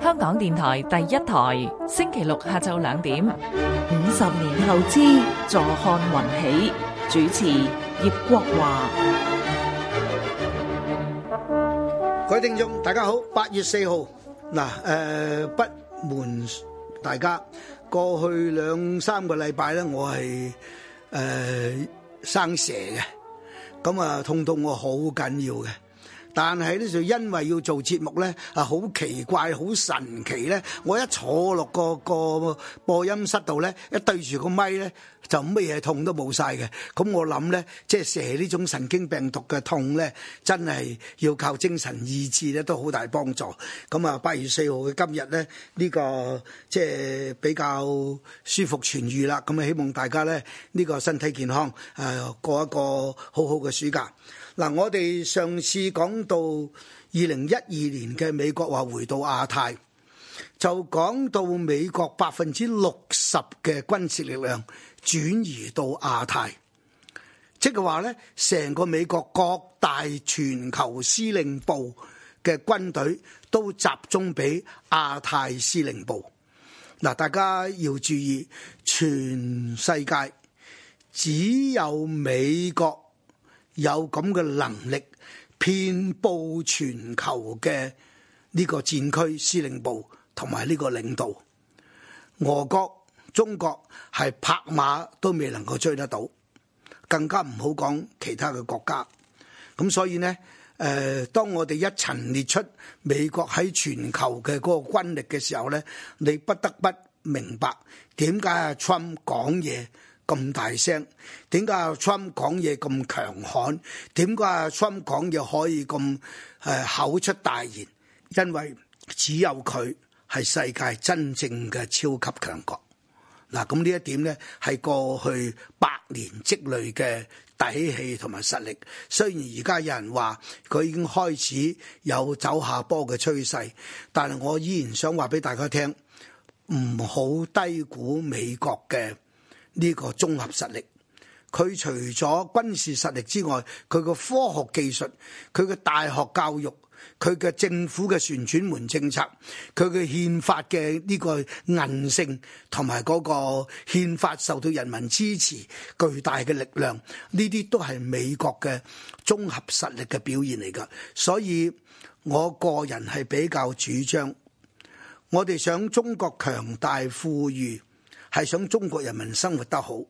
香港電台第一台星期六下晝但係咧就因為要做節目咧，啊好奇怪，好神奇咧！我一坐落個個播音室度咧，一對住個咪咧，就乜嘢痛都冇晒嘅。咁我諗咧，即係蛇呢種神經病毒嘅痛咧，真係要靠精神意志咧，都好大幫助。咁、嗯、啊，八月四號嘅今日咧，呢、這個即係比較舒服痊愈啦。咁、嗯、啊，希望大家咧呢、這個身體健康，誒、呃、過一個好好嘅暑假。嗱，我哋上次講到二零一二年嘅美國話回到亞太，就講到美國百分之六十嘅軍事力量轉移到亞太，即係話呢，成個美國各大全球司令部嘅軍隊都集中俾亞太司令部。嗱，大家要注意，全世界只有美國。有咁嘅能力，遍布全球嘅呢個戰區司令部同埋呢個領導，俄國、中國係拍馬都未能夠追得到，更加唔好講其他嘅國家。咁所以咧，誒、呃，當我哋一陳列出美國喺全球嘅嗰個軍力嘅時候咧，你不得不明白點解阿 Trump 講嘢。咁大聲，點解阿 Trump 講嘢咁強悍？點解阿 Trump 講嘢可以咁誒、呃、口出大言？因為只有佢係世界真正嘅超級強國。嗱，咁呢一點呢係過去百年積累嘅底氣同埋實力。雖然而家有人話佢已經開始有走下坡嘅趨勢，但係我依然想話俾大家聽，唔好低估美國嘅。呢個綜合實力，佢除咗軍事實力之外，佢個科學技術、佢個大學教育、佢嘅政府嘅旋轉門政策、佢嘅憲法嘅呢個韌性，同埋嗰個憲法受到人民支持巨大嘅力量，呢啲都係美國嘅綜合實力嘅表現嚟㗎。所以我個人係比較主張，我哋想中國強大富裕。係想中國人民生活得好，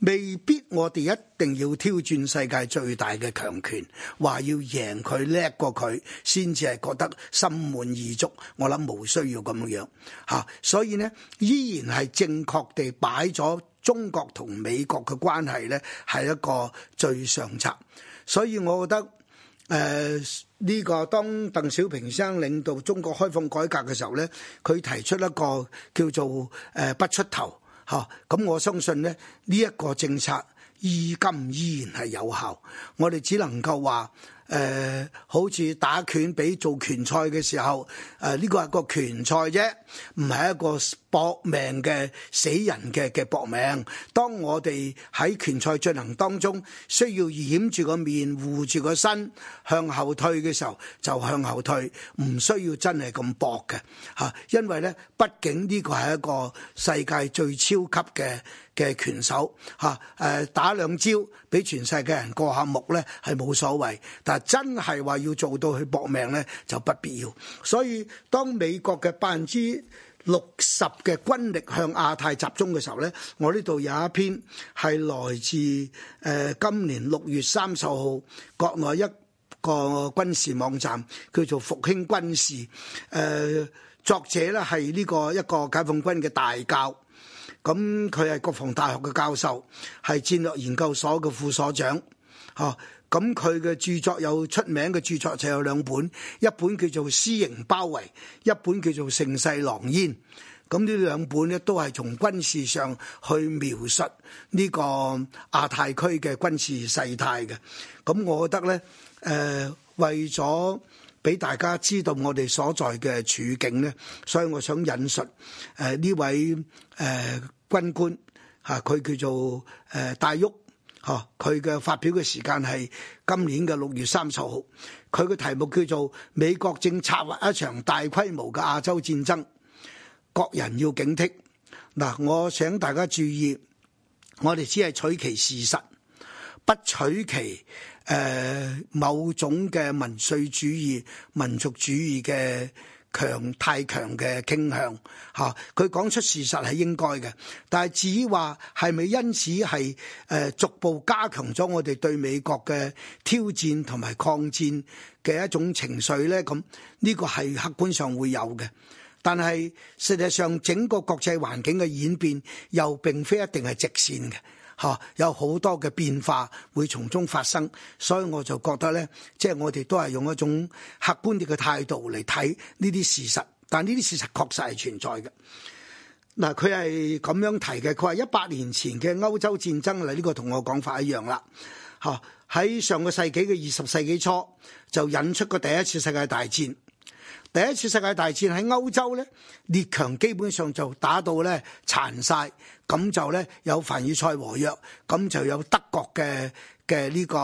未必我哋一定要挑戰世界最大嘅強權，話要贏佢叻過佢，先至係覺得心滿意足。我諗冇需要咁樣吓，所以呢依然係正確地擺咗中國同美國嘅關係呢，係一個最上策。所以我覺得誒呢個，當鄧小平先生領導中國開放改革嘅時候呢，佢提出一個叫做誒不出頭。吓，咁、哦、我相信咧，呢、這、一個政策依今依然係有效，我哋只能夠話。誒、呃、好似打拳比做拳賽嘅時候，誒、呃、呢、這個係個拳賽啫，唔係一個搏命嘅死人嘅嘅搏命。當我哋喺拳賽進行當中，需要掩住個面、護住個身，向後退嘅時候就向後退，唔需要真係咁搏嘅嚇。因為呢，畢竟呢個係一個世界最超級嘅嘅拳手嚇誒、啊呃，打兩招俾全世界人過下目呢，係冇所謂，但真係話要做到去搏命咧，就不必要。所以當美國嘅百分之六十嘅軍力向亞太集中嘅時候咧，我呢度有一篇係來自誒今年六月三十號國內一個軍事網站叫做復興軍事，誒作者咧係呢個一個解放軍嘅大教，咁佢係國防大學嘅教授，係戰略研究所嘅副所長。吓，咁佢嘅著作有出名嘅著作就有兩本，一本叫做《C 形包圍》，一本叫做《盛世狼煙》。咁、嗯、呢兩本咧都係從軍事上去描述呢個亞太區嘅軍事勢態嘅。咁、嗯、我覺得咧，誒、呃、為咗俾大家知道我哋所在嘅處境咧，所以我想引述誒呢、呃、位誒、呃、軍官吓，佢、啊、叫做誒戴、呃、旭。吓，佢嘅、哦、發表嘅時間係今年嘅六月三十號，佢嘅題目叫做《美國正策劃一場大規模嘅亞洲戰爭》，國人要警惕。嗱，我請大家注意，我哋只係取其事實，不取其誒、呃、某種嘅民粹主義、民族主義嘅。強太強嘅傾向。嚇，佢講出事實係應該嘅，但係至於話係咪因此係誒、呃、逐步加強咗我哋對美國嘅挑戰同埋抗戰嘅一種情緒呢？咁呢個係客觀上會有嘅，但係實際上整個國際環境嘅演變又並非一定係直線嘅。嚇，有好多嘅變化會從中發生，所以我就覺得呢，即係我哋都係用一種客觀啲嘅態度嚟睇呢啲事實，但呢啲事實確實係存在嘅。嗱，佢係咁樣提嘅，佢話一百年前嘅歐洲戰爭嚟，呢個同我講法一樣啦。嚇，喺上個世紀嘅二十世紀初，就引出過第一次世界大戰。第一次世界大戰喺歐洲咧，列強基本上就打到咧殘晒，咁就咧有凡爾賽和約，咁就有德國嘅嘅呢個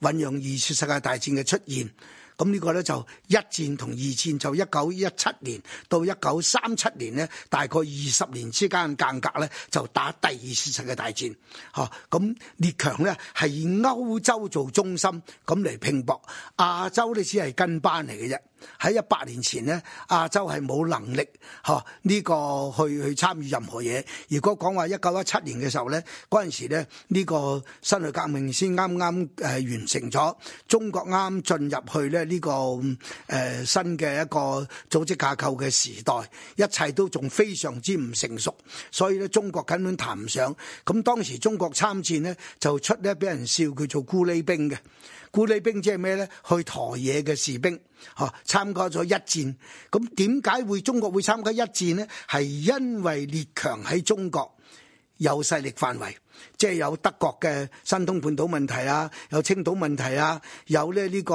醖釀二次世界大戰嘅出現，咁呢個咧就一戰同二戰，就一九一七年到一九三七年咧，大概二十年之間間隔咧就打第二次世界大戰，吓，咁列強咧係以歐洲做中心咁嚟拼搏，亞洲咧只係跟班嚟嘅啫。喺一百年前呢，亞洲係冇能力嚇呢、呢個去去參與任何嘢。如果講話一九一七年嘅時候呢，嗰陣時咧呢個辛亥革命先啱啱誒完成咗，中國啱進入去咧、這、呢個誒、呃、新嘅一個組織架構嘅時代，一切都仲非常之唔成熟，所以咧中國根本談唔上。咁當時中國參戰呢，就出呢俾人笑，佢做咕喱兵嘅。苦力兵即係咩咧？去抬嘢嘅士兵，吓參加咗一戰。咁點解會中國會參加一戰咧？係因為列強喺中國有勢力範圍，即係有德國嘅山東半島問題啊，有青島問題啊，有咧呢個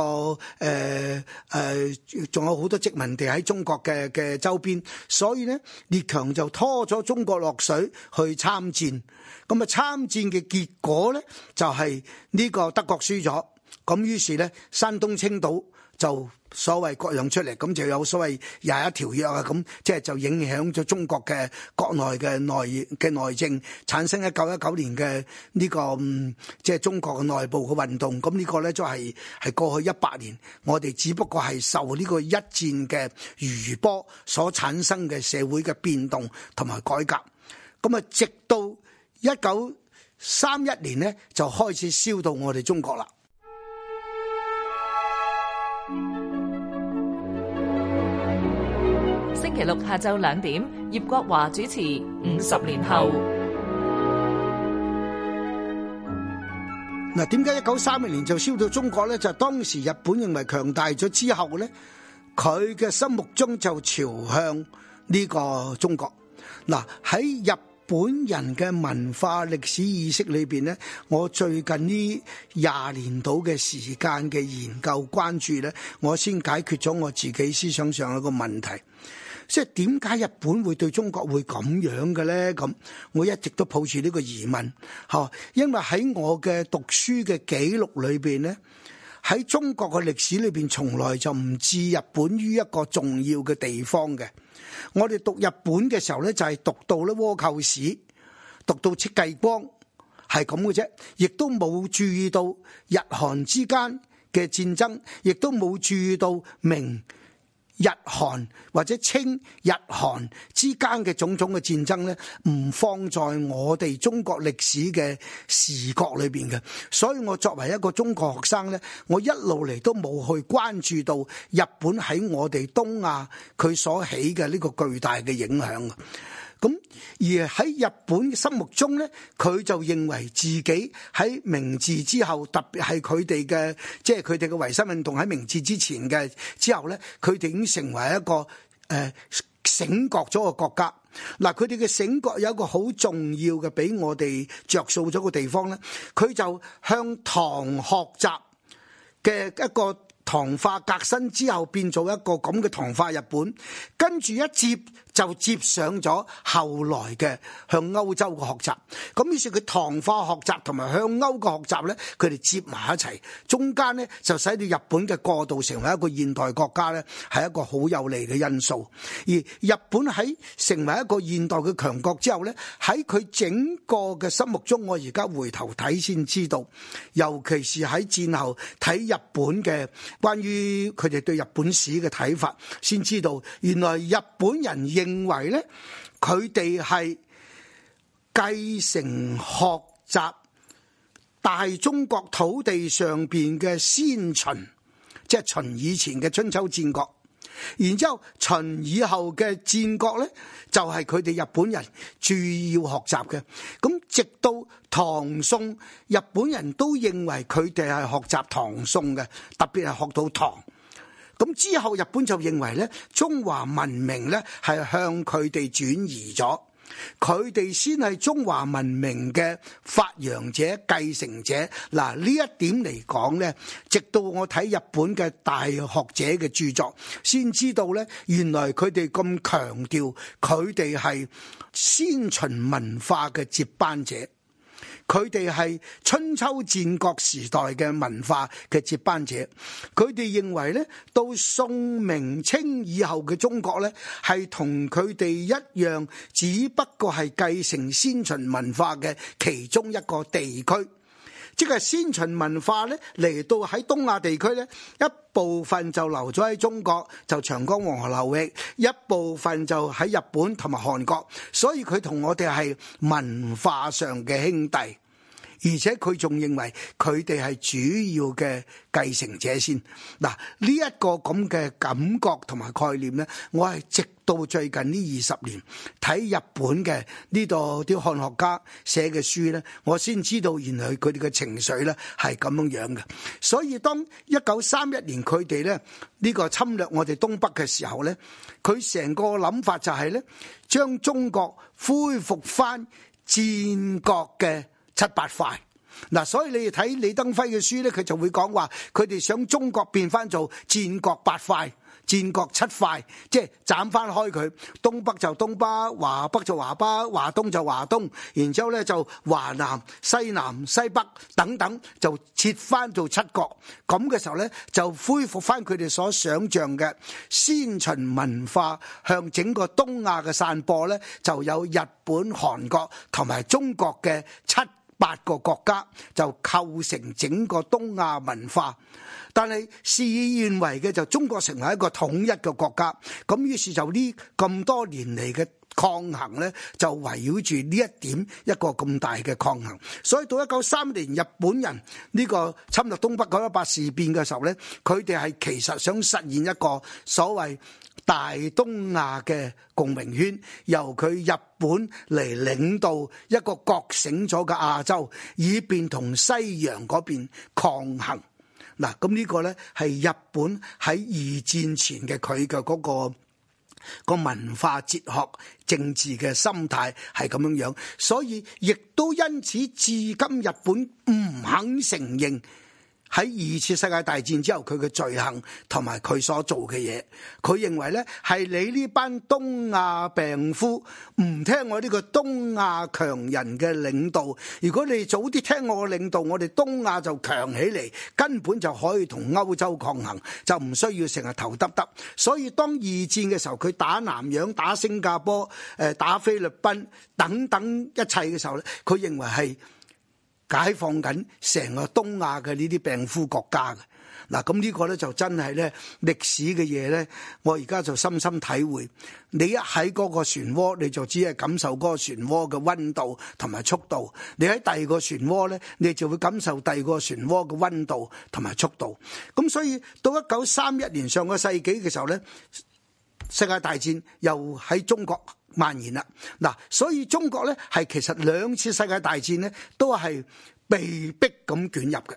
誒誒，仲有好多殖民地喺中國嘅嘅周邊。所以咧，列強就拖咗中國落水去參戰。咁啊，參戰嘅結果咧，就係呢個德國輸咗。咁於是咧，山東青島就所謂割讓出嚟，咁就有所謂廿一條約啊，咁即係就影響咗中國嘅國內嘅內嘅內政，產生一九一九年嘅呢個即係中國嘅內部嘅運動。咁呢個咧，都係係過去一百年我哋只不過係受呢個一戰嘅餘波所產生嘅社會嘅變動同埋改革。咁啊，直到一九三一年咧，就開始燒到我哋中國啦。星期六下晝兩點，葉國華主持《五十年後》。嗱，點解一九三二年就燒到中國咧？就當時日本認為強大咗之後咧，佢嘅心目中就朝向呢個中國。嗱，喺日本人嘅文化歷史意識裏邊咧，我最近呢廿年度嘅時間嘅研究關注咧，我先解決咗我自己思想上一個問題。即係點解日本會對中國會咁樣嘅咧？咁我一直都抱住呢個疑問，嚇，因為喺我嘅讀書嘅記錄裏邊咧，喺中國嘅歷史裏邊，從來就唔置日本於一個重要嘅地方嘅。我哋讀日本嘅時候咧，就係讀到咧倭寇史，讀到戚繼光，係咁嘅啫，亦都冇注意到日韓之間嘅戰爭，亦都冇注意到明。日韓或者清日韓之間嘅種種嘅戰爭呢，唔放在我哋中國歷史嘅視角裏邊嘅，所以我作為一個中國學生呢，我一路嚟都冇去關注到日本喺我哋東亞佢所起嘅呢個巨大嘅影響。咁而喺日本嘅心目中呢，佢就認為自己喺明治之後，特別係佢哋嘅，即係佢哋嘅維新運動喺明治之前嘅之後呢，佢哋已經成為一個誒、呃、醒覺咗嘅國家。嗱，佢哋嘅醒覺有一個好重要嘅俾我哋着數咗嘅地方呢，佢就向唐學習嘅一個唐化革新之後，變做一個咁嘅唐化日本，跟住一接。就接上咗後來嘅向歐洲嘅學習，咁於是佢唐化學習同埋向歐嘅學習咧，佢哋接埋一齊中間咧，就使到日本嘅過渡成為一個現代國家咧，係一個好有利嘅因素。而日本喺成為一個現代嘅強國之後咧，喺佢整個嘅心目中，我而家回頭睇先知道，尤其是喺戰後睇日本嘅關於佢哋對日本史嘅睇法，先知道原來日本人亦。認為咧，佢哋係繼承學習大中國土地上邊嘅先秦，即係秦以前嘅春秋戰國，然之後秦以後嘅戰國呢，就係佢哋日本人主要學習嘅。咁直到唐宋，日本人都認為佢哋係學習唐宋嘅，特別係學到唐。咁之後日本就認為咧，中華文明咧係向佢哋轉移咗，佢哋先係中華文明嘅發揚者、繼承者。嗱呢一點嚟講咧，直到我睇日本嘅大學者嘅著作，先知道咧，原來佢哋咁強調佢哋係先秦文化嘅接班者。佢哋係春秋戰國時代嘅文化嘅接班者，佢哋認為呢，到宋明清以後嘅中國呢，係同佢哋一樣，只不過係繼承先秦文化嘅其中一個地區。即係先秦文化咧嚟到喺東亞地區咧，一部分就留咗喺中國，就長江黃河流域；一部分就喺日本同埋韓國，所以佢同我哋係文化上嘅兄弟，而且佢仲認為佢哋係主要嘅繼承者先。嗱，呢一個咁嘅感覺同埋概念咧，我係直。到最近呢二十年，睇日本嘅呢度啲漢學家寫嘅書呢，我先知道原來佢哋嘅情緒呢係咁樣樣嘅。所以當一九三一年佢哋咧呢個侵略我哋東北嘅時候呢，佢成個諗法就係呢：將中國恢復翻戰國嘅七八塊嗱，所以你哋睇李登輝嘅書呢，佢就會講話佢哋想中國變翻做戰國八塊。戰國七塊，即係斬翻開佢，東北就東北，華北就華北，華東就華東，然之後咧就華南、西南、西北等等，就切翻做七國，咁嘅時候咧，就恢復翻佢哋所想象嘅先秦文化向整個東亞嘅散播咧，就有日本、韓國同埋中國嘅七。八個國家就構成整個東亞文化，但係事與願違嘅，就中國成為一個統一嘅國家，咁於是就呢咁多年嚟嘅抗衡咧就圍繞住呢一點一個咁大嘅抗衡，所以到一九三大東亞嘅共榮圈，由佢日本嚟領導一個覺醒咗嘅亞洲，以便同西洋嗰邊抗衡。嗱，咁呢個呢係日本喺二戰前嘅佢嘅嗰個個文化、哲學、政治嘅心態係咁樣樣，所以亦都因此至今日本唔肯承認。喺二次世界大戰之後，佢嘅罪行同埋佢所做嘅嘢，佢認為咧係你呢班東亞病夫唔聽我呢個東亞強人嘅領導。如果你早啲聽我嘅領導，我哋東亞就強起嚟，根本就可以同歐洲抗衡，就唔需要成日頭耷耷。所以當二戰嘅時候，佢打南洋、打新加坡、誒，打菲律賓等等一切嘅時候咧，佢認為係。解放緊成個東亞嘅呢啲病夫國家嘅，嗱，咁呢個呢就真係呢歷史嘅嘢呢，我而家就深深體會。你一喺嗰個漩渦，你就只係感受嗰個漩渦嘅温度同埋速度；你喺第二個漩渦呢，你就會感受第二個漩渦嘅温度同埋速度。咁所以到一九三一年上個世紀嘅時候呢，世界大戰又喺中國。蔓延啦，嗱，所以中國咧，係其實兩次世界大戰咧，都係被逼咁捲入嘅，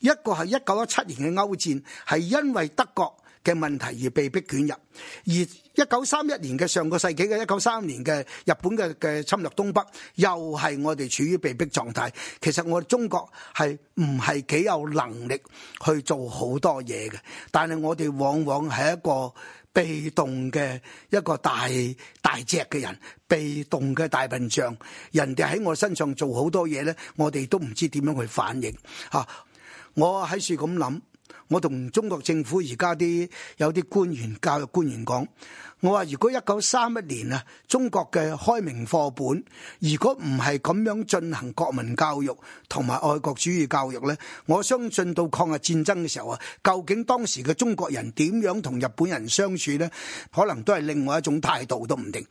一個係一九一七年嘅歐戰，係因為德國嘅問題而被逼捲入，而一九三一年嘅上個世紀嘅一九三年嘅日本嘅嘅侵略東北，又係我哋處於被逼狀態。其實我哋中國係唔係幾有能力去做好多嘢嘅，但係我哋往往係一個。被動嘅一個大大隻嘅人，被動嘅大笨象，人哋喺我身上做好多嘢咧，我哋都唔知點樣去反應。吓、啊，我喺處咁諗。我同中國政府而家啲有啲官員、教育官員講，我話，如果一九三一年啊，中國嘅開明課本，如果唔係咁樣進行國民教育同埋愛國主義教育呢，我相信到抗日戰爭嘅時候啊，究竟當時嘅中國人點樣同日本人相處呢？可能都係另外一種態度都唔定。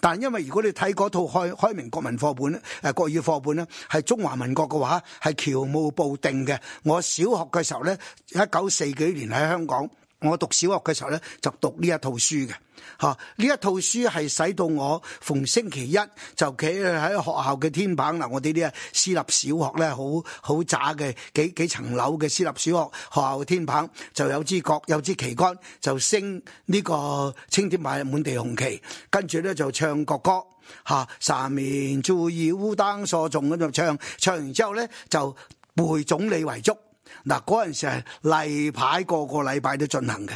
但因為如果你睇嗰套開開明國文課本咧，誒、呃、國語課本咧，係中華民國嘅話，係僑務部定嘅。我小學嘅時候呢，一九四幾年喺香港。我讀小學嘅時候咧，就讀呢一套書嘅，吓，呢一套書係使到我逢星期一就企喺學校嘅天棚嗱，我哋呢私立小學咧好好渣嘅幾幾層樓嘅私立小學學校嘅天棚就有支角，有支旗杆就升呢個青天白日滿地紅旗，跟住咧就唱國歌、歌，吓、啊、三民主義，吾黨所宗咁就唱，唱完之後咧就背總理遺囑。嗱，陣時係例牌，個個禮拜都進行嘅，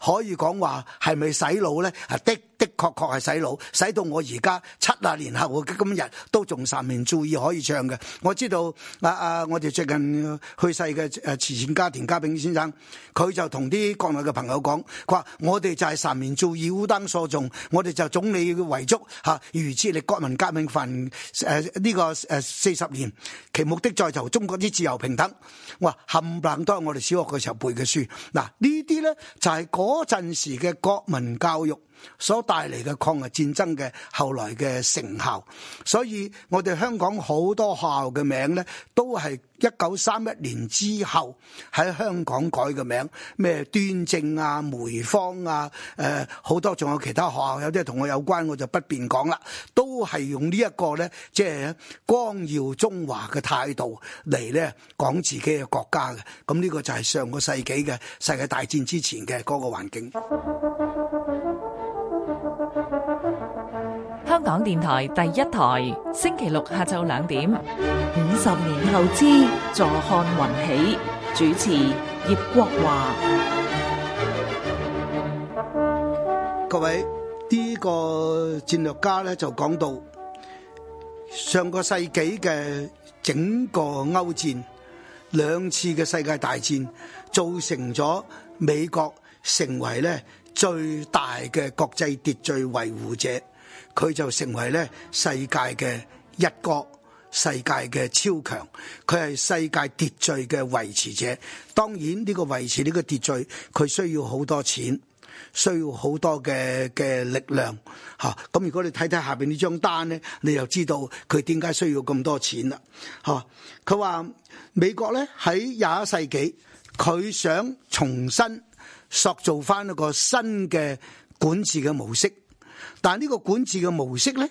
可以講話係咪洗腦咧？啊的，的確確係洗腦，洗到我而家七十年後今日都仲三民主義可以唱嘅。我知道啊，啊，我哋最近去世嘅慈善家田家炳先生，佢就同啲國內嘅朋友講，佢話我哋就係三民主義，吾黨所宗，我哋就，我就總理遺囑嚇、啊，余致力國民革命凡誒呢個誒四十年，其目的在求中國之自由平等。哇，我話冚唪冷都係我哋小學嘅時候背嘅書，嗱呢啲咧就係嗰陣時嘅國民教育。所帶嚟嘅抗日戰爭嘅後來嘅成效，所以我哋香港好多學校嘅名呢，都係一九三一年之後喺香港改嘅名，咩端正啊、梅芳啊，誒、呃，好多仲有其他學校，有啲同我有關，我就不便講啦，都係用呢一個呢，即係光耀中華嘅態度嚟呢講自己嘅國家嘅，咁呢個就係上個世紀嘅世界大戰之前嘅嗰個環境。香港電台第一台，星期六下晝兩點。五十年後之，坐看雲起。主持葉國華。各位，呢個戰略家咧就講到上個世紀嘅整個歐戰兩次嘅世界大戰，造成咗美國成為咧最大嘅國際秩序維護者。佢就成為咧世界嘅一哥，世界嘅超強，佢係世界秩序嘅維持者。當然呢個維持呢、呢個秩序，佢需要好多錢，需要好多嘅嘅力量吓，咁如果你睇睇下邊呢張單咧，你就知道佢點解需要咁多錢啦吓，佢話美國咧喺廿一世紀，佢想重新塑造翻一個新嘅管治嘅模式。但呢個管治嘅模式呢，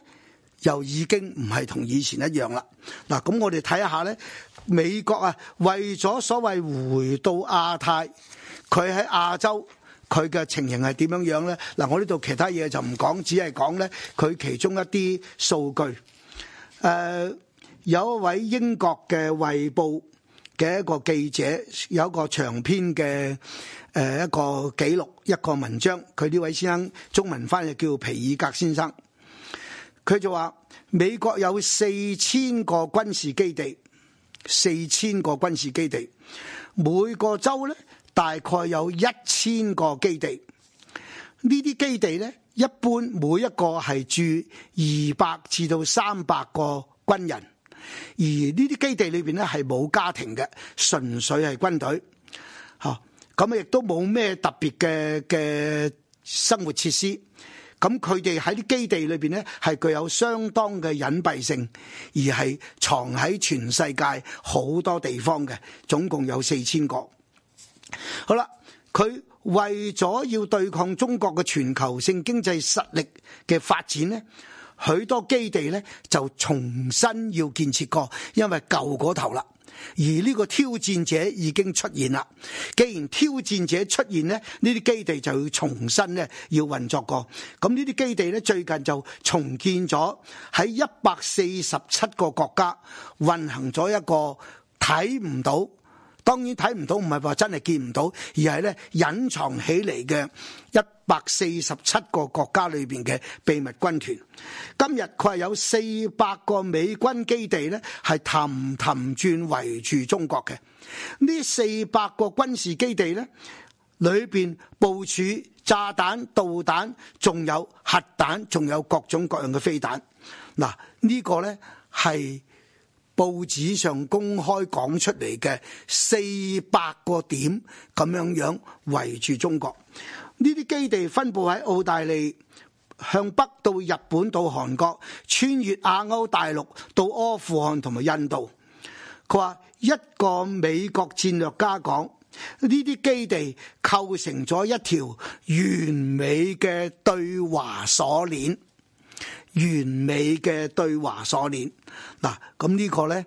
又已經唔係同以前一樣啦。嗱，咁我哋睇下呢美國啊，為咗所謂回到亞太，佢喺亞洲佢嘅情形係點樣樣呢？嗱，我呢度其他嘢就唔講，只係講呢佢其中一啲數據。誒、呃，有一位英國嘅《衛報》嘅一個記者有一個長篇嘅。誒一個記錄一個文章，佢呢位先生中文翻譯叫皮爾格先生，佢就話美國有四千個軍事基地，四千個軍事基地每個州咧大概有一千個基地，呢啲基地呢，一般每一個係住二百至到三百個軍人，而呢啲基地裏邊咧係冇家庭嘅，純粹係軍隊嚇。咁亦都冇咩特別嘅嘅生活設施，咁佢哋喺啲基地裏邊咧，係具有相當嘅隱蔽性，而係藏喺全世界好多地方嘅，總共有四千個。好啦，佢為咗要對抗中國嘅全球性經濟實力嘅發展咧。許多基地咧就重新要建設過，因為舊嗰頭啦。而呢個挑戰者已經出現啦。既然挑戰者出現咧，呢啲基地就要重新咧要運作過。咁呢啲基地咧最近就重建咗，喺一百四十七個國家運行咗一個睇唔到。當然睇唔到，唔係話真係見唔到，而係咧隱藏起嚟嘅一百四十七個國家裏邊嘅秘密軍團。今日佢係有四百個美軍基地咧，係氹氹轉圍住中國嘅。呢四百個軍事基地咧，裏邊部署炸彈、導彈，仲有核彈，仲有各種各樣嘅飛彈。嗱，呢個咧係。報紙上公開講出嚟，嘅四百個點咁樣樣圍住中國，呢啲基地分布喺澳大利，向北到日本到韓國，穿越亞歐大陸到阿富汗同埋印度。佢話一個美國戰略家講，呢啲基地構成咗一條完美嘅對華鎖鏈。完美嘅對華鎖鏈，嗱咁、這個、呢個咧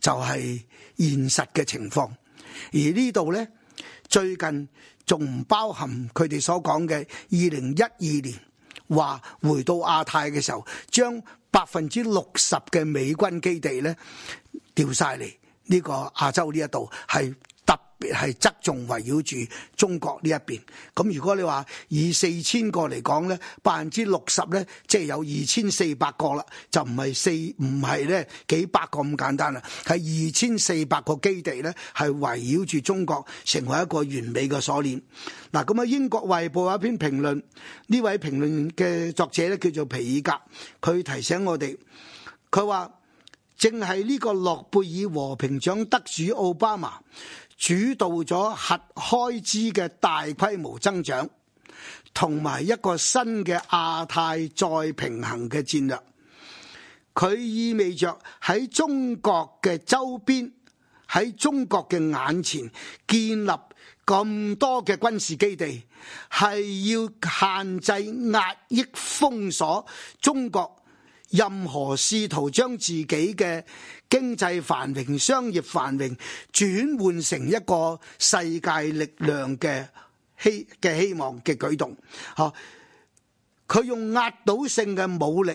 就係、是、現實嘅情況，而呢度咧最近仲唔包含佢哋所講嘅二零一二年話回到亞太嘅時候，將百分之六十嘅美軍基地咧掉晒嚟呢個亞洲呢一度係。係側重圍繞住中國呢一邊，咁如果你話以四千個嚟講呢，百分之六十呢，即係有二千四百個啦，就唔係四唔係呢幾百個咁簡單啦，係二千四百個基地呢，係圍繞住中國成為一個完美嘅鎖鏈。嗱、嗯，咁、嗯、啊、嗯、英國《衛報》有一篇評論，呢位評論嘅作者呢，叫做皮爾格，佢提醒我哋，佢話正係呢個諾貝爾和平獎得主奧巴馬。主導咗核開支嘅大規模增長，同埋一個新嘅亞太再平衡嘅戰略，佢意味着喺中國嘅周邊，喺中國嘅眼前建立咁多嘅軍事基地，係要限制、壓抑、封鎖中國。任何試圖將自己嘅經濟繁榮、商業繁榮轉換成一個世界力量嘅希嘅希望嘅舉動，吓，佢用壓倒性嘅武力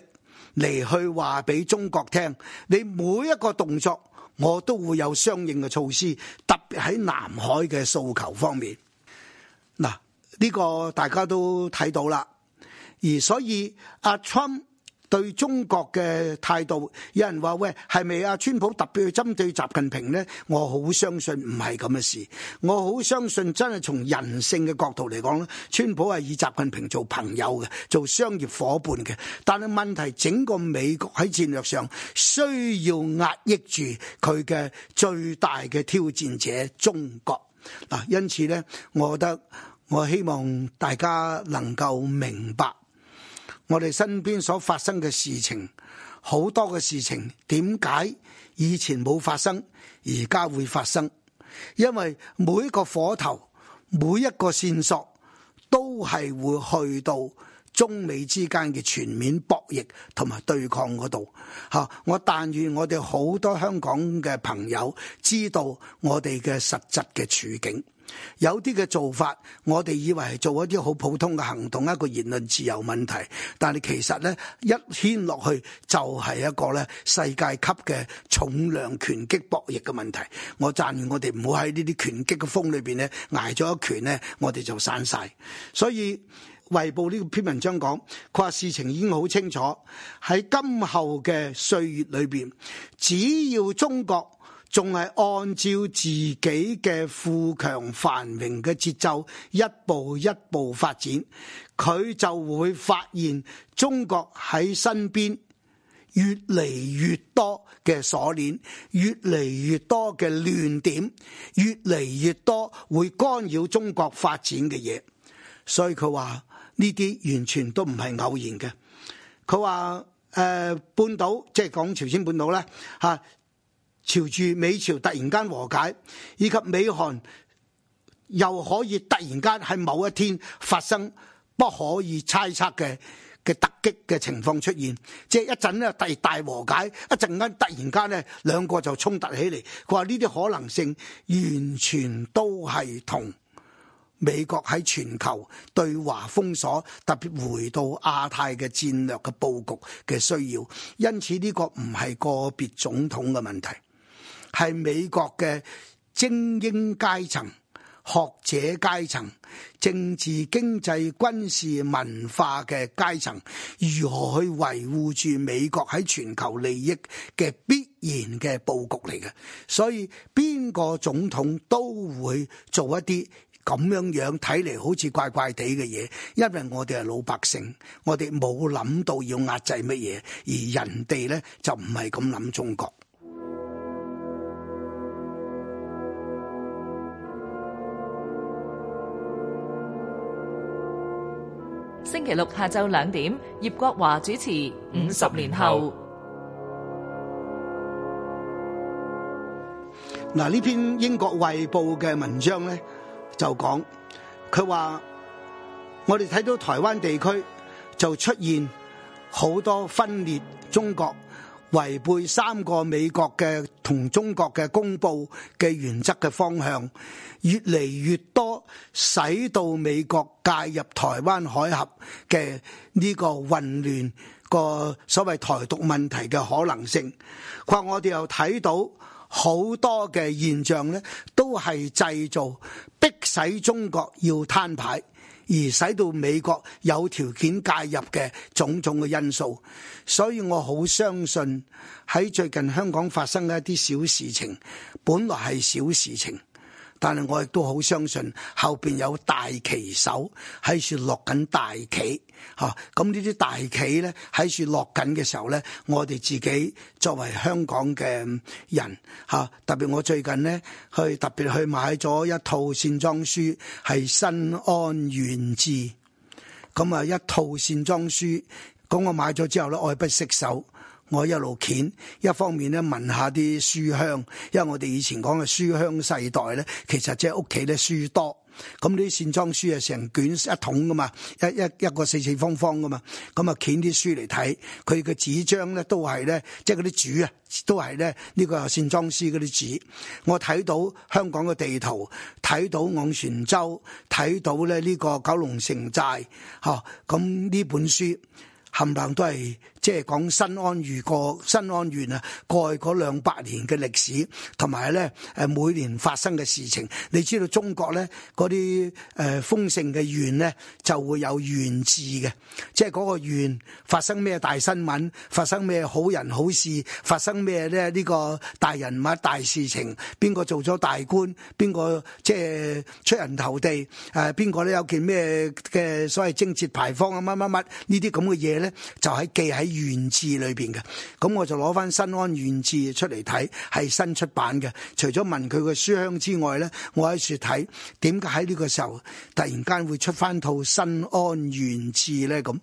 嚟，去話俾中國聽，你每一個動作我都會有相應嘅措施，特別喺南海嘅訴求方面。嗱，呢個大家都睇到啦，而所以阿 Trump 對中國嘅態度，有人話喂，係咪阿川普特別去針對習近平呢？我好相信唔係咁嘅事。我好相信真係從人性嘅角度嚟講咧，川普係以習近平做朋友嘅，做商業伙伴嘅。但係問題整個美國喺戰略上需要壓抑住佢嘅最大嘅挑戰者中國。嗱，因此呢，我覺得我希望大家能夠明白。我哋身邊所發生嘅事情，好多嘅事情，點解以前冇發生，而家會發生？因為每一個火頭，每一個線索，都係會去到，中美之間嘅全面博弈同埋對抗嗰度，嚇！我但願我哋好多香港嘅朋友知道我哋嘅實質嘅處境。有啲嘅做法，我哋以為係做一啲好普通嘅行動，一個言論自由問題。但係其實呢，一牽落去就係一個呢世界級嘅重量拳擊博弈嘅問題。我但願我哋唔好喺呢啲拳擊嘅風裏邊呢捱咗一拳呢，我哋就散晒。所以。衛報呢篇文章講，佢話事情已經好清楚。喺今後嘅歲月裏邊，只要中國仲係按照自己嘅富強繁榮嘅節奏，一步一步發展，佢就會發現中國喺身邊越嚟越多嘅鎖鏈，越嚟越多嘅亂點，越嚟越多會干擾中國發展嘅嘢。所以佢話。呢啲完全都唔係偶然嘅。佢話誒半島即係講朝鮮半島咧，吓、啊、朝住美朝突然間和解，以及美韓又可以突然間喺某一天發生不可以猜測嘅嘅突擊嘅情況出現，即係一陣咧大大和解，一陣間突然間咧兩個就衝突起嚟。佢話呢啲可能性完全都係同。美國喺全球對華封鎖，特別回到亞太嘅戰略嘅布局嘅需要，因此呢個唔係個別總統嘅問題，係美國嘅精英階層、學者階層、政治、經濟、軍事、文化嘅階層，如何去維護住美國喺全球利益嘅必然嘅布局嚟嘅，所以邊個總統都會做一啲。咁樣樣睇嚟，好似怪怪地嘅嘢，因為我哋係老百姓，我哋冇諗到要壓制乜嘢，而人哋咧就唔係咁諗中國。星期六下晝兩點，葉國華主持《五十年後》年後。嗱，呢篇英國衛報嘅文章咧。就講，佢話我哋睇到台灣地區就出現好多分裂中國、違背三個美國嘅同中國嘅公佈嘅原則嘅方向，越嚟越多，使到美國介入台灣海峽嘅呢個混亂、嗰個所謂台獨問題嘅可能性。佢話我哋又睇到。好多嘅現象咧，都係製造逼使中國要攤牌，而使到美國有條件介入嘅種種嘅因素。所以我好相信喺最近香港發生嘅一啲小事情，本來係小事情。但係我亦都好相信後邊有大棋手喺度落緊大棋，吓咁呢啲大棋咧喺度落緊嘅時候咧，我哋自己作為香港嘅人，吓、啊、特別我最近咧去特別去買咗一套線裝書，係《新安縣志》，咁啊一套線裝書，咁我買咗之後咧愛不釋手。我一路揀，一方面咧聞下啲書香，因為我哋以前講嘅書香世代咧，其實即係屋企咧書多，咁呢啲線裝書啊成卷一桶噶嘛，一一一,一個四四方方噶嘛，咁啊揀啲書嚟睇，佢嘅紙張咧都係咧，即係嗰啲紙啊都係咧呢個線裝書嗰啲紙，我睇到香港嘅地圖，睇到昂船洲，睇到咧呢個九龍城寨，嚇、啊，咁呢本書冚唪唥都係。即係講新安如過新安縣啊，過去兩百年嘅歷史，同埋咧誒每年發生嘅事情，你知道中國咧啲誒豐盛嘅縣咧就會有縣志嘅，即係個縣發生咩大新聞，發生咩好人好事，發生咩咧呢、呢個大人物大事情，邊個做咗大官，邊個即係出人頭地，誒邊個咧有件咩嘅所謂貞節牌坊啊乜乜乜呢啲咁嘅嘢咧，就係記喺。《原志》裏邊嘅，咁我就攞翻《新安原志》出嚟睇，係新出版嘅。除咗問佢嘅書香之外呢，我喺度睇，點解喺呢個時候突然間會出翻套《新安原志》呢？咁。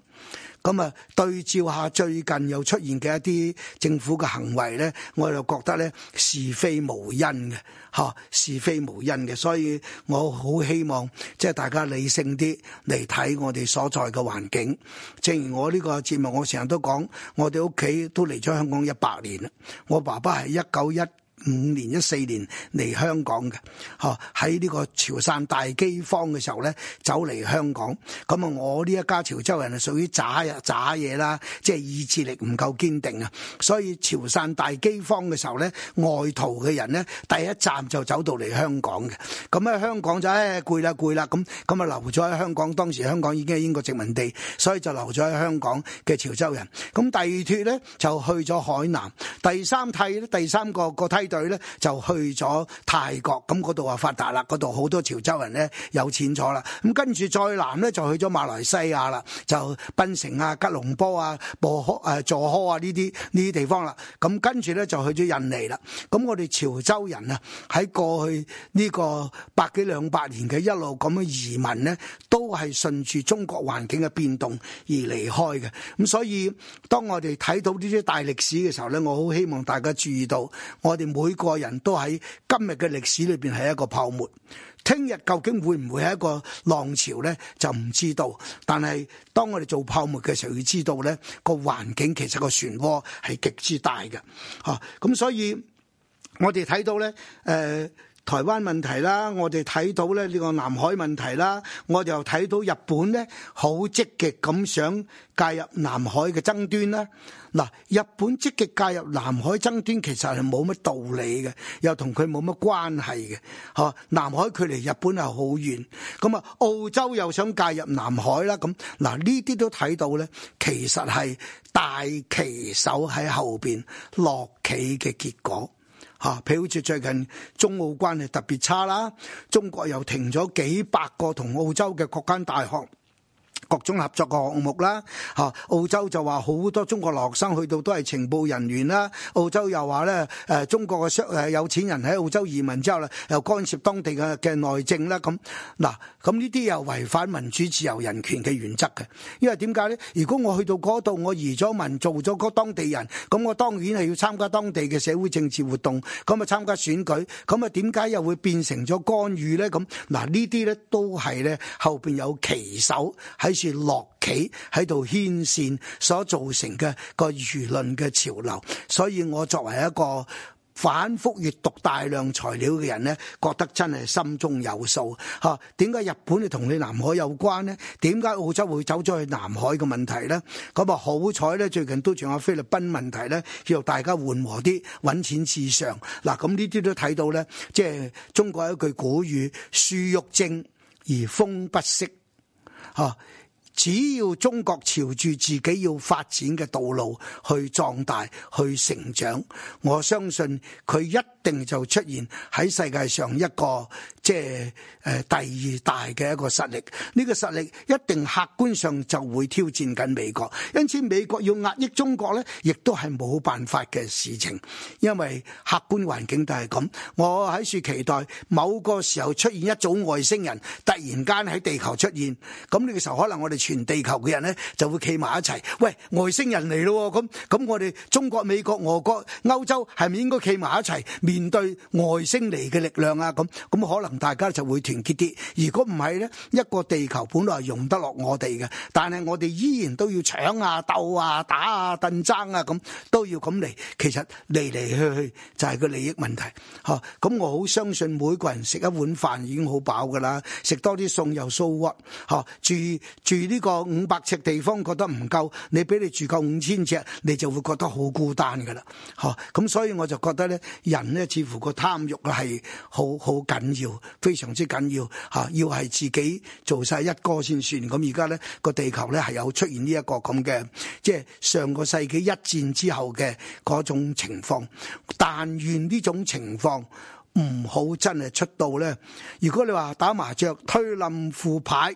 咁啊，對照下最近又出現嘅一啲政府嘅行為咧，我又覺得咧是非無因嘅，吓，是非無因嘅，所以我好希望即係大家理性啲嚟睇我哋所在嘅環境。正如我呢個節目，我成日都講我哋屋企都嚟咗香港一百年啦，我爸爸係一九一五年一四年嚟香港嘅，嗬喺呢個潮汕大饑荒嘅時候咧，走嚟香港。咁啊，我呢一家潮州人係屬於渣啊渣嘢啦，即係意志力唔夠堅定啊。所以潮汕大饑荒嘅時候咧，外逃嘅人咧，第一站就走到嚟香港嘅。咁啊香港就誒攰啦攰啦，咁咁啊留咗喺香港。當時香港已經係英國殖民地，所以就留咗喺香港嘅潮州人。咁第二梯咧就去咗海南，第三梯咧第三個第三個梯。佢咧就去咗泰國，咁嗰度啊發達啦，嗰度好多潮州人咧有錢咗啦。咁跟住再南咧就去咗馬來西亞啦，就檳城啊、吉隆坡啊、博誒佐科啊呢啲呢啲地方啦。咁跟住咧就去咗印尼啦。咁我哋潮州人啊喺過去呢個百幾兩百年嘅一路咁嘅移民咧，都係順住中國環境嘅變動而離開嘅。咁所以當我哋睇到呢啲大歷史嘅時候咧，我好希望大家注意到我哋。每個人都喺今日嘅歷史裏邊係一個泡沫，聽日究竟會唔會係一個浪潮呢？就唔知道。但係當我哋做泡沫嘅時候，要知道呢個環境其實個漩渦係極之大嘅。嚇、啊，咁所以我哋睇到呢。誒、呃。台灣問題啦，我哋睇到咧呢個南海問題啦，我哋又睇到日本咧好積極咁想介入南海嘅爭端啦。嗱，日本積極介入南海爭端其實係冇乜道理嘅，又同佢冇乜關係嘅。嚇，南海距離日本係好遠，咁啊澳洲又想介入南海啦。咁嗱呢啲都睇到咧，其實係大棋手喺後邊落棋嘅結果。啊，譬如好似最近中澳關係特別差啦，中國又停咗幾百個同澳洲嘅各間大學。各種合作嘅項目啦，嚇、啊、澳洲就話好多中國學生去到都係情報人員啦，啊，澳洲又話咧，誒中國嘅商，誒有錢人喺澳洲移民之後咧又干涉當地嘅嘅內政啦咁，嗱咁呢啲又違反民主自由人權嘅原則嘅，因為點解呢？如果我去到嗰度，我移咗民做咗嗰當地人，咁我當然係要參加當地嘅社會政治活動，咁啊參加選舉，咁啊點解又會變成咗干預呢？咁、啊、嗱呢啲咧都係咧後邊有棋手喺。是落棋喺度牽線所造成嘅個輿論嘅潮流，所以我作為一個反覆閱讀大量材料嘅人呢，覺得真係心中有數吓。啊、點解日本嘅同你南海有關呢？點解澳洲會走咗去南海嘅問題呢？咁啊好彩呢，最近都仲有菲律賓問題呢，叫大家緩和啲，揾錢至上嗱。咁呢啲都睇到呢，即係中國有一句古語：樹欲靜而風不息，吓、啊。只要中國朝住自己要發展嘅道路去壯大、去成長，我相信佢一定就出現喺世界上一個。即係誒第二大嘅一個實力，呢個實力一定客觀上就會挑戰緊美國，因此美國要壓抑中國咧，亦都係冇辦法嘅事情，因為客觀環境都係咁。我喺處期待某個時候出現一組外星人突然間喺地球出現，咁呢個時候可能我哋全地球嘅人咧就會企埋一齊，喂，外星人嚟咯，咁咁我哋中國、美國、俄國、歐洲係咪應該企埋一齊面對外星嚟嘅力量啊？咁咁可能。大家就會團結啲。如果唔係呢，一個地球本來容得落我哋嘅，但係我哋依然都要搶啊、鬥啊、打啊、鬥爭啊，咁都要咁嚟。其實嚟嚟去去就係個利益問題。嚇，咁我好相信每個人食一碗飯已經好飽㗎啦，食多啲餸又騷屈。嚇，住住呢個五百尺地方覺得唔夠，你俾你住夠五千尺，你就會覺得好孤單㗎啦。嚇，咁所以我就覺得呢人呢，似乎個貪欲呢係好好緊要。非常之緊要，嚇，要係自己做晒一哥先算。咁而家咧，個地球咧，係有出現呢一個咁嘅，即係上個世紀一戰之後嘅嗰種情況。但願呢種情況唔好真係出到咧。如果你話打麻雀推冧副牌。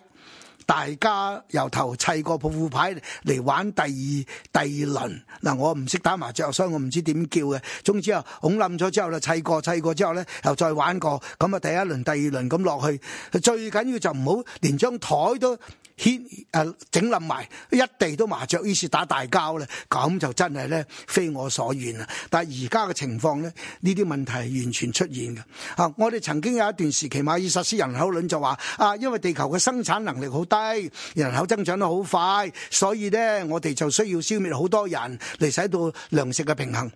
大家由頭砌個撲克牌嚟玩第二第二輪。嗱，我唔識打麻雀，所以我唔知點叫嘅。總之啊，孔冧咗之後咧，砌過砌過之後咧，又再玩過。咁啊，第一輪、第二輪咁落去。最緊要就唔好連張枱都。誒、啊、整冧埋一地都麻雀，於是打大交，咧咁就真係咧非我所願啊！但係而家嘅情況咧，呢啲問題係完全出現嘅啊！我哋曾經有一段時期，馬爾薩斯人口論就話啊，因為地球嘅生產能力好低，人口增長得好快，所以咧我哋就需要消滅好多人嚟使到糧食嘅平衡。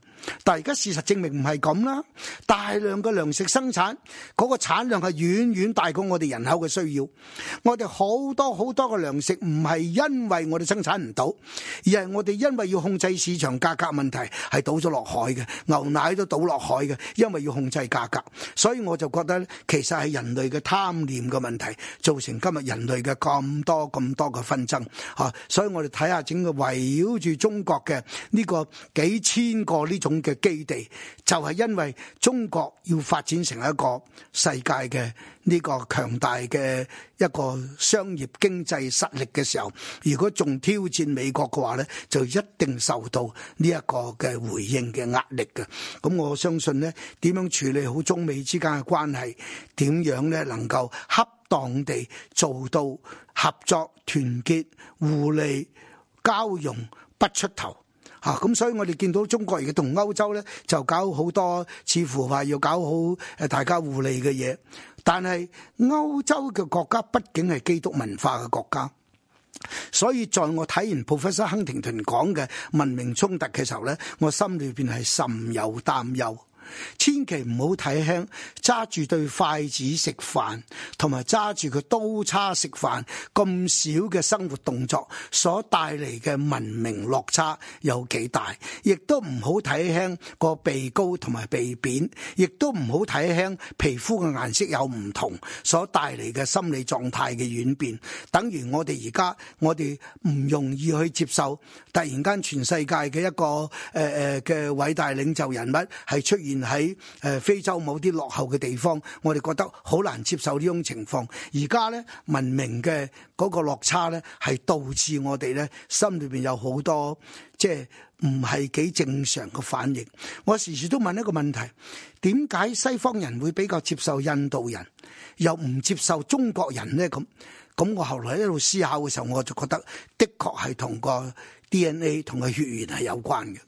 但而家事實證明唔係咁啦，大量嘅糧食生產嗰個產量係遠遠大過我哋人口嘅需要，我哋好多好多嘅糧食唔係因為我哋生產唔到，而係我哋因為要控制市場價格問題係倒咗落海嘅，牛奶都倒落海嘅，因為要控制價格，所以我就覺得其實係人類嘅貪念嘅問題造成今日人類嘅咁多咁多嘅紛爭吓，所以我哋睇下整個圍繞住中國嘅呢個幾千個呢種。嘅基地就係因為中國要發展成一個世界嘅呢個強大嘅一個商業經濟實力嘅時候，如果仲挑戰美國嘅話咧，就一定受到呢一個嘅回應嘅壓力嘅。咁我相信咧，點樣處理好中美之間嘅關係，點樣咧能夠恰當地做到合作、團結、互利、交融不出頭。嚇！咁所以我哋見到中國而家同歐洲咧，就搞好多似乎話要搞好誒大家互利嘅嘢，但係歐洲嘅國家畢竟係基督文化嘅國家，所以在我睇完 Professor 亨廷頓講嘅文明衝突嘅時候咧，我心裏邊係甚有擔憂。千祈唔好睇輕揸住對筷子食飯，同埋揸住個刀叉食飯，咁少嘅生活動作所帶嚟嘅文明落差有幾大，亦都唔好睇輕個鼻高同埋鼻扁，亦都唔好睇輕皮膚嘅顏色有唔同所帶嚟嘅心理狀態嘅演變，等於我哋而家我哋唔容易去接受，突然間全世界嘅一個誒誒嘅偉大領袖人物係出現。喺誒非洲某啲落後嘅地方，我哋覺得好難接受呢種情況。而家咧文明嘅嗰個落差咧，係導致我哋咧心裏邊有好多即係唔係幾正常嘅反應。我時時都問一個問題：點解西方人會比較接受印度人，又唔接受中國人咧？咁咁，我後來一路思考嘅時候，我就覺得的確係同個 DNA 同個血緣係有關嘅。